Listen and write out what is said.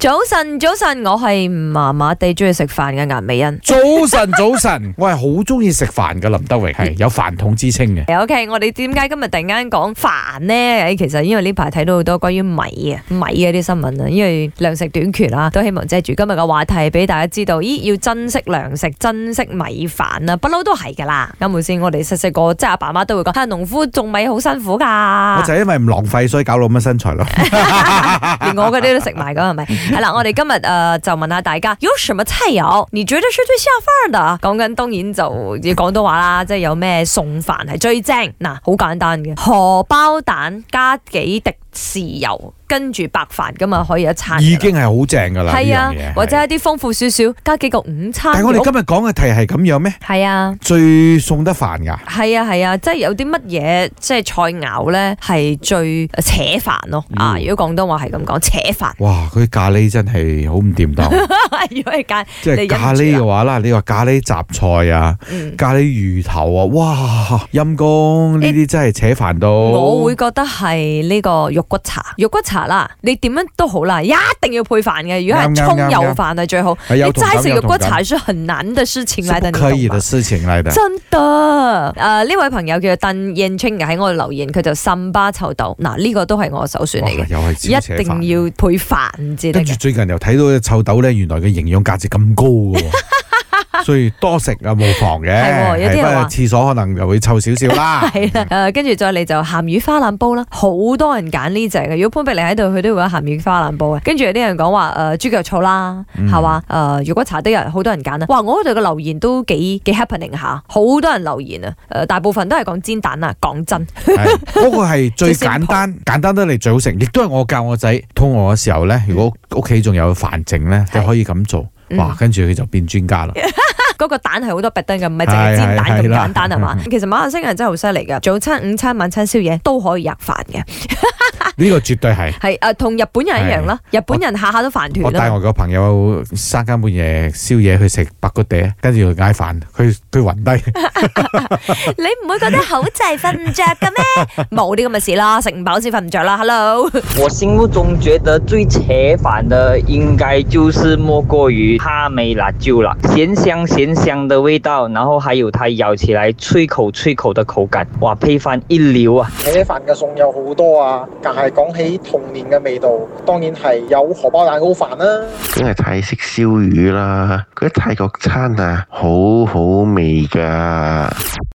早晨，早晨，我係麻麻地中意食飯嘅顏美欣。早晨，早晨， 我係好中意食飯嘅林德榮，係 有飯桶之稱嘅。OK，我哋點解今日突然間講飯呢？其實因為呢排睇到好多關於米啊、米嗰啲新聞啊，因為糧食短缺啊，都希望借住今日嘅話題俾大家知道，咦，要珍惜糧食，珍惜米飯啊，不嬲都係噶啦。啱好先，我哋細細個即係阿爸媽都會講，下農夫種米好辛苦噶。我就係因為唔浪費，所以搞到咁嘅身材咯。 連我嗰啲都食埋噶係咪？是係啦、 嗯，我哋今日誒、呃、就問下大家，有什麼菜肴你覺得是最下飯的？講緊當然就要講廣東話啦，即係有咩餸飯係最正嗱，好簡單嘅荷包蛋加幾滴。豉油跟住白飯噶嘛，可以一餐已經係好正噶啦，係啊，或者一啲豐富少少，加幾個午餐肉。但係我哋今日講嘅題係咁樣咩？係啊，最送得飯噶。係啊，係啊，即係有啲乜嘢即係菜肴咧，係最扯飯咯啊！如果廣東話係咁講，扯飯。哇，佢啲咖喱真係好唔掂檔。如果係咖，即係咖喱嘅話啦，你話咖喱雜菜啊，咖喱魚頭啊，哇，陰公呢啲真係扯飯到。我會覺得係呢個。肉骨茶，肉骨茶啦，你點樣都好啦，一定要配飯嘅，如果係蔥油飯啊最好。嗯嗯、你齋食肉骨茶係很難的事情嚟，真、嗯、可以的事情嚟的。真的，誒、呃、呢位朋友叫鄧燕青喺我度留言，佢就參巴臭豆，嗱、啊、呢、呢個都係我首選嚟嘅，又一定要配飯至得嘅。跟住最近又睇到嘅臭豆咧，原來嘅營養價值咁高嘅。 所以多食啊冇妨嘅， 有啲話廁所可能又會臭少少啦。係啦， 誒、呃，跟住再嚟就鹹魚花腩煲啦，好多人揀呢隻嘅。如果潘碧玲喺度，佢都會有鹹魚花腩煲嘅。跟住有啲人講話誒豬腳醋啦，係嘛誒？如果茶得人好多人揀啊，哇、呃！我嗰度嘅留言都幾幾 happening 吓，好多人留言啊。誒、呃，大部分都係講煎蛋啊。講真，嗰的 個係最簡單， 簡單得嚟最好食，亦都係我教我仔肚餓嘅時候咧。如果屋企仲有飯剩咧，就 可以咁做。嗯、哇！跟住佢就變專家啦。嗰 個蛋係好多擘燈嘅，唔係淨係煎蛋咁簡單啊嘛。 其實馬來西亞人真係好犀利嘅，早餐、午餐、晚餐、宵夜都可以入飯嘅。 呢 個絕對係係誒，同、 啊、日本人一樣咯。是日本人下下我都飯團。我帶我個朋友三更半夜宵夜去食白骨地，跟住去嗌飯，佢佢暈低。 你唔會覺得口滯瞓唔着嘅咩？冇啲咁嘅事啦，食唔飽先瞓唔着啦。Hello， 我心目中覺得最扯飯嘅，應該就是莫過於蝦味、辣椒啦，鮮香鮮香嘅味道，然後還有它咬起來脆口脆口嘅口感，哇！配飯一流啊！扯 飯嘅餸有好多啊。但係講起童年嘅味道，當然係有荷包蛋糕飯啦、啊。梗係泰式燒魚啦，嗰啲泰國餐啊，好好味㗎。